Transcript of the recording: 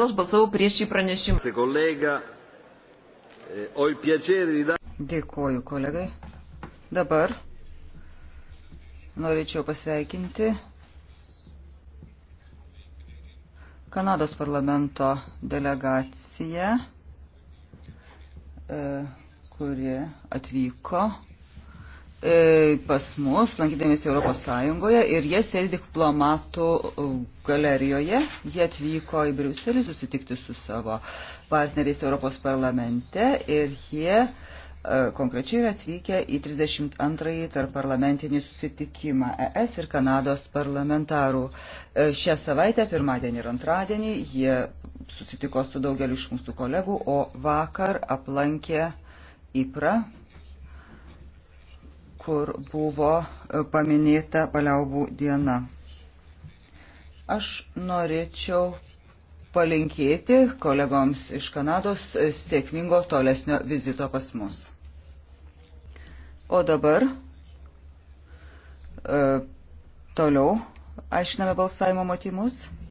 Kodėl aš balsavau prieš šį pranešimą? Eh, Dėkuoju, kolegai. Dabar norėčiau pasveikinti Kanados parlamento delegaciją, eh, kuri atvyko E, pas mus, lankydamėsi Europos Sąjungoje ir jie sėdi diplomatų e, galerijoje. Jie atvyko į Briuselį susitikti su savo partneriais Europos parlamente ir jie e, konkrečiai yra atvykę į 32-ąjį tarp parlamentinį susitikimą ES ir Kanados parlamentarų. Šią savaitę, pirmadienį ir antradienį, jie susitiko su daugeliu iš mūsų kolegų, o vakar aplankė Ypra kur buvo e, paminėta paliaubų diena. Aš norėčiau palinkėti kolegoms iš Kanados e, sėkmingo tolesnio vizito pas mus. O dabar e, toliau aiškiname balsavimo motymus.